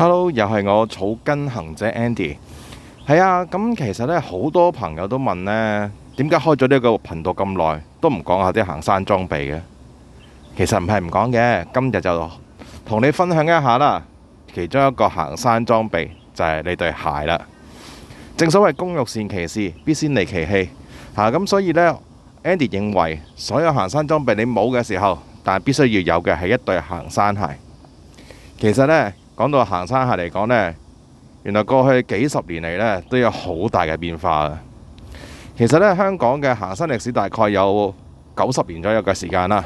Hello，又係我草根行者 Andy。係啊，咁其實呢好多朋友都問呢，點解開咗呢個頻道咁耐都唔講下啲行山裝備嘅？其實唔係唔講嘅，今日就同你分享一下啦。其中一個行山裝備就係你對鞋啦。正所謂工欲善其事，必先利其器。嚇咁，所以呢，Andy 認為所有行山裝備你冇嘅時候，但係必須要有嘅係一對行山鞋。其實呢～講到行山鞋嚟講呢，原來過去幾十年嚟呢都有好大嘅變化啊！其實呢，香港嘅行山歷史大概有九十年左右嘅時間啦。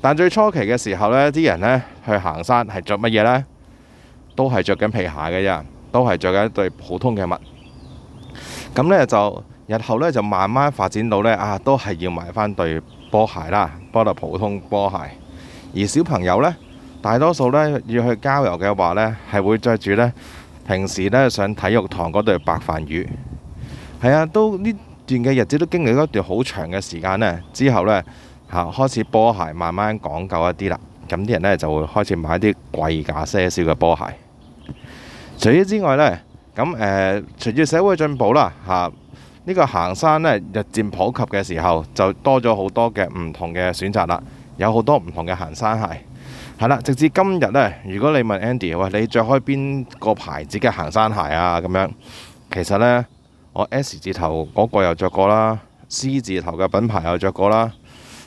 但最初期嘅時候呢，啲人呢去行山係着乜嘢呢？都係着緊皮鞋嘅啫，都係着緊一對普通嘅襪。咁呢，就日後呢就慢慢發展到呢，啊，都係要買返對波鞋啦，波到普通波鞋。而小朋友呢。大多數呢，要去郊遊嘅話呢，係會着住呢平時呢上體育堂嗰對白飯魚，係啊，都呢段嘅日子都經歷一段好長嘅時間呢。之後呢，嚇、啊、開始波鞋慢慢講究一啲啦，咁啲人呢，就會開始買啲貴價些少嘅波鞋。除此之外呢，咁誒隨住社會進步啦嚇，呢、啊呢個行山呢，日漸普及嘅時候，就多咗好多嘅唔同嘅選擇啦，有好多唔同嘅行山鞋。係啦，直至今日呢。如果你問 Andy，喂，你着開邊個牌子嘅行山鞋啊？咁樣，其實呢，我 S 字頭嗰個又着過啦，C 字頭嘅品牌又着過啦。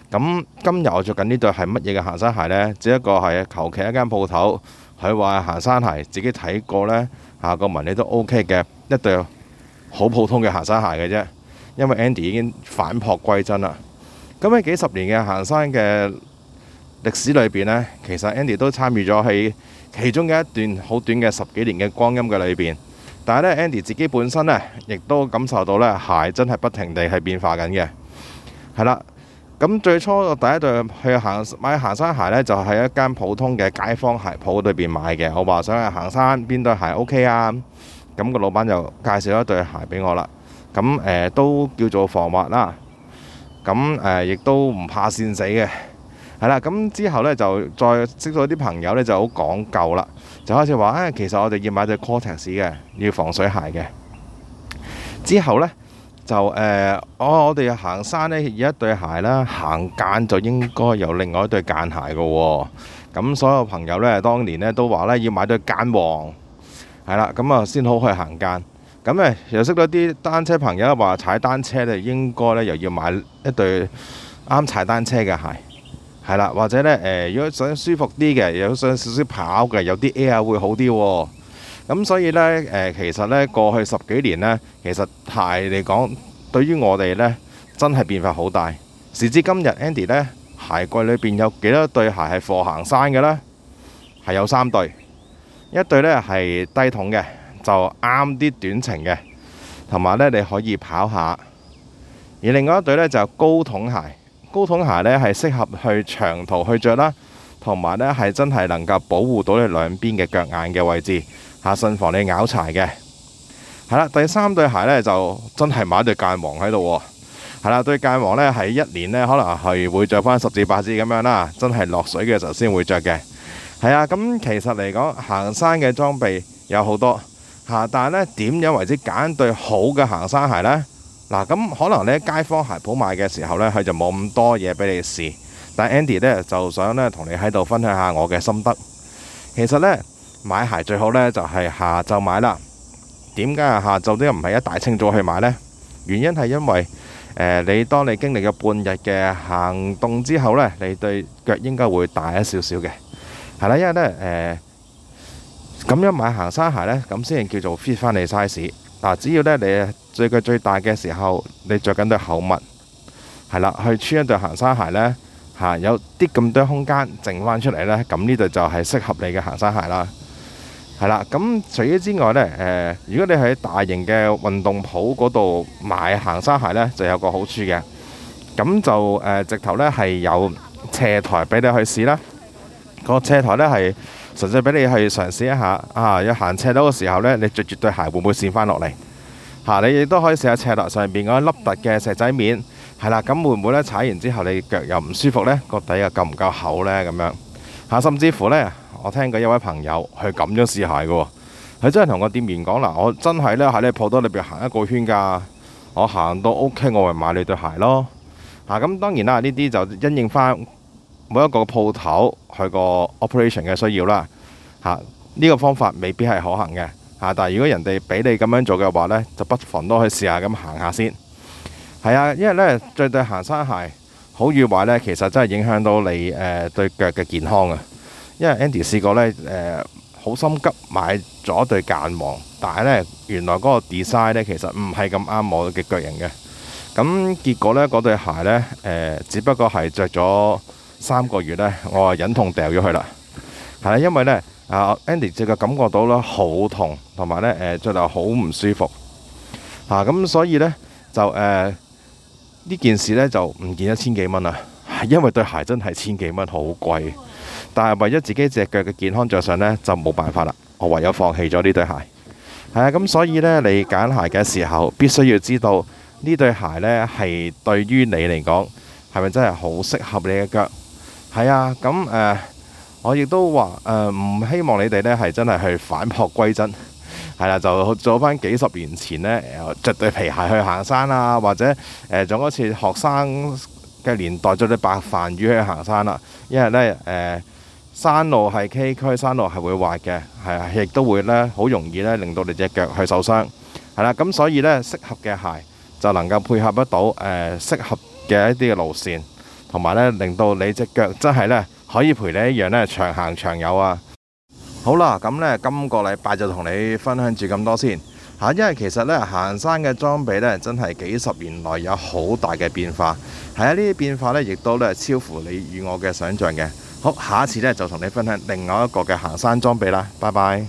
咁今日我着緊呢對係乜嘢嘅行山鞋呢？只一個係求其一間鋪頭，佢話行山鞋自己睇過呢，下個紋理都 OK 嘅，一對好普通嘅行山鞋嘅啫。因為 Andy 已經反璞歸真啦。咁喺幾十年嘅行山嘅歷史裏邊呢，其實 Andy 都參與咗喺其中嘅一段好短嘅十幾年嘅光陰嘅裏邊。但係咧，Andy 自己本身呢，亦都感受到呢鞋真係不停地係變化緊嘅。係啦，咁最初第一對去行買行山鞋呢，就係一間普通嘅街坊鞋鋪裏邊買嘅。我話想去行山，邊對鞋 OK 啊？咁個老闆就介紹一對鞋俾我啦。咁、呃、都叫做防滑啦。咁亦、呃、都唔怕跣死嘅。係啦，咁之後呢，就再識到啲朋友呢，就好講究啦，就開始話、哎，其實我哋要買對 Cortex 嘅，要防水鞋嘅。之後呢，就、呃哦、我我哋行山呢，要一對鞋啦，行間就應該有另外一對間鞋嘅、哦。咁所有朋友呢，當年呢都話呢，要買對間王係啦，咁啊先好去行間。咁呢又識到啲單車朋友話踩單車呢，應該呢又要買一對啱踩單車嘅鞋。係啦，或者呢，誒、呃，如果想舒服啲嘅，有想少少跑嘅，有啲 Air 會好啲、哦。咁所以呢，誒、呃，其實呢，過去十幾年呢，其實鞋嚟講，對於我哋呢，真係變化好大。時至今日，Andy 呢，鞋櫃裏邊有幾多對鞋係貨行山嘅呢？係有三對，一對呢係低筒嘅，就啱啲短程嘅，同埋呢，你可以跑下。而另外一對呢，就是、高筒鞋。高筒鞋呢係適合去長途去着啦，同埋呢係真係能夠保護到你兩邊嘅腳眼嘅位置，吓，慎防你拗柴嘅。係啦，第三對鞋呢就真係買對戒王喺度喎。係啦，對戒王呢係一年呢可能係會着翻十至八次咁樣啦，真係落水嘅時候先會着嘅。係啊，咁其實嚟講行山嘅裝備有好多吓，但係呢點樣為之揀對好嘅行山鞋呢？嗱，咁可能咧，街坊鞋鋪買嘅時候咧，佢就冇咁多嘢俾你試。但 Andy 咧，就想咧，同你喺度分享下我嘅心得。其實咧，買鞋最好咧，就係下晝買啦。點解啊，下晝都唔係一大清早去買咧？原因係因為誒你當你經歷咗半日嘅行動之後咧，你對腳應該會大一少少嘅。係啦，因為咧，誒咁樣買行山鞋咧，咁先叫做 fit 翻你 size。嗱，只要咧你。最佢最大嘅時候，你着緊對厚襪，係啦，去穿一對行山鞋呢，嚇有啲咁多空間剩返出嚟呢，咁呢度就係適合你嘅行山鞋啦，係啦。咁除咗之外呢，誒、呃，如果你喺大型嘅運動鋪嗰度買行山鞋呢，就有個好處嘅，咁就、呃、直頭呢係有斜台俾你去試啦，個斜台呢係純粹俾你去嘗試一下，啊，要行斜度嘅時候呢，你着住對鞋會唔會跣返落嚟？嚇、啊，你亦都可以試下赤塔上邊嗰一粒凸嘅石仔面，係啦，咁會唔會咧，踩完之後你腳又唔舒服呢？個底又夠唔夠厚呢？咁樣嚇、啊，甚至乎呢，我聽過一位朋友係咁樣試鞋嘅，佢真係同個店員講嗱、啊，我真係呢，喺你鋪多裏邊行一個圈㗎，我行到 OK，我咪買你對鞋咯。嚇、啊，咁當然啦，呢啲就因應返每一個鋪頭佢個 operation 嘅需要啦。嚇、啊，呢、呢個方法未必係可行嘅。啊、但係如果人哋俾你咁樣做嘅話呢，就不妨都去試下咁行下先。係啊，因為呢，着對行山鞋好與壞呢，其實真係影響到你誒、呃、對腳嘅健康啊。因為 Andy 試過呢，誒、呃、好心急買咗對間黃，但係呢，原來嗰個 design 呢，其實唔係咁啱我嘅腳型嘅。咁結果呢，嗰對鞋呢，誒、呃、只不過係着咗三個月呢，我忍痛掉咗佢啦。係啊，因為呢。啊，Andy 隻腳感覺到啦，好痛，同埋咧，誒，着落好唔舒服。啊，咁所以咧，就誒、呢、呃、件事咧就唔見一千幾蚊啦，因為對鞋真係千幾蚊，好貴。但係為咗自己隻腳嘅健康着想咧，就冇辦法啦，我唯有放棄咗呢對鞋。係啊，咁所以咧，你揀鞋嘅時候，必須要知道呢對鞋咧係對於你嚟講，係咪真係好適合你嘅腳？係啊，咁誒。呃我亦都話誒，唔、呃、希望你哋呢係真係去反璞歸真，係啦，就做返幾十年前呢，着對皮鞋去行山啊，或者誒，做、呃、嗰次學生嘅年代着對白飯魚去行山啦，啊。因為呢，誒、呃，山路係崎嶇，山路係會滑嘅，係亦都會呢，好容易呢令到你隻腳去受傷，係啦。咁所以呢，適合嘅鞋就能夠配合得到誒、呃，適合嘅一啲嘅路線，同埋呢令到你隻腳真係呢。可以陪你一樣咧，長行長遊啊好！好啦，咁呢，今個禮拜就同你分享住咁多先嚇，因為其實呢，行山嘅裝備呢，真係幾十年來有好大嘅變化，係啊，呢啲變化呢，亦都呢，超乎你與我嘅想像嘅。好，下一次呢，就同你分享另外一個嘅行山裝備啦，拜拜。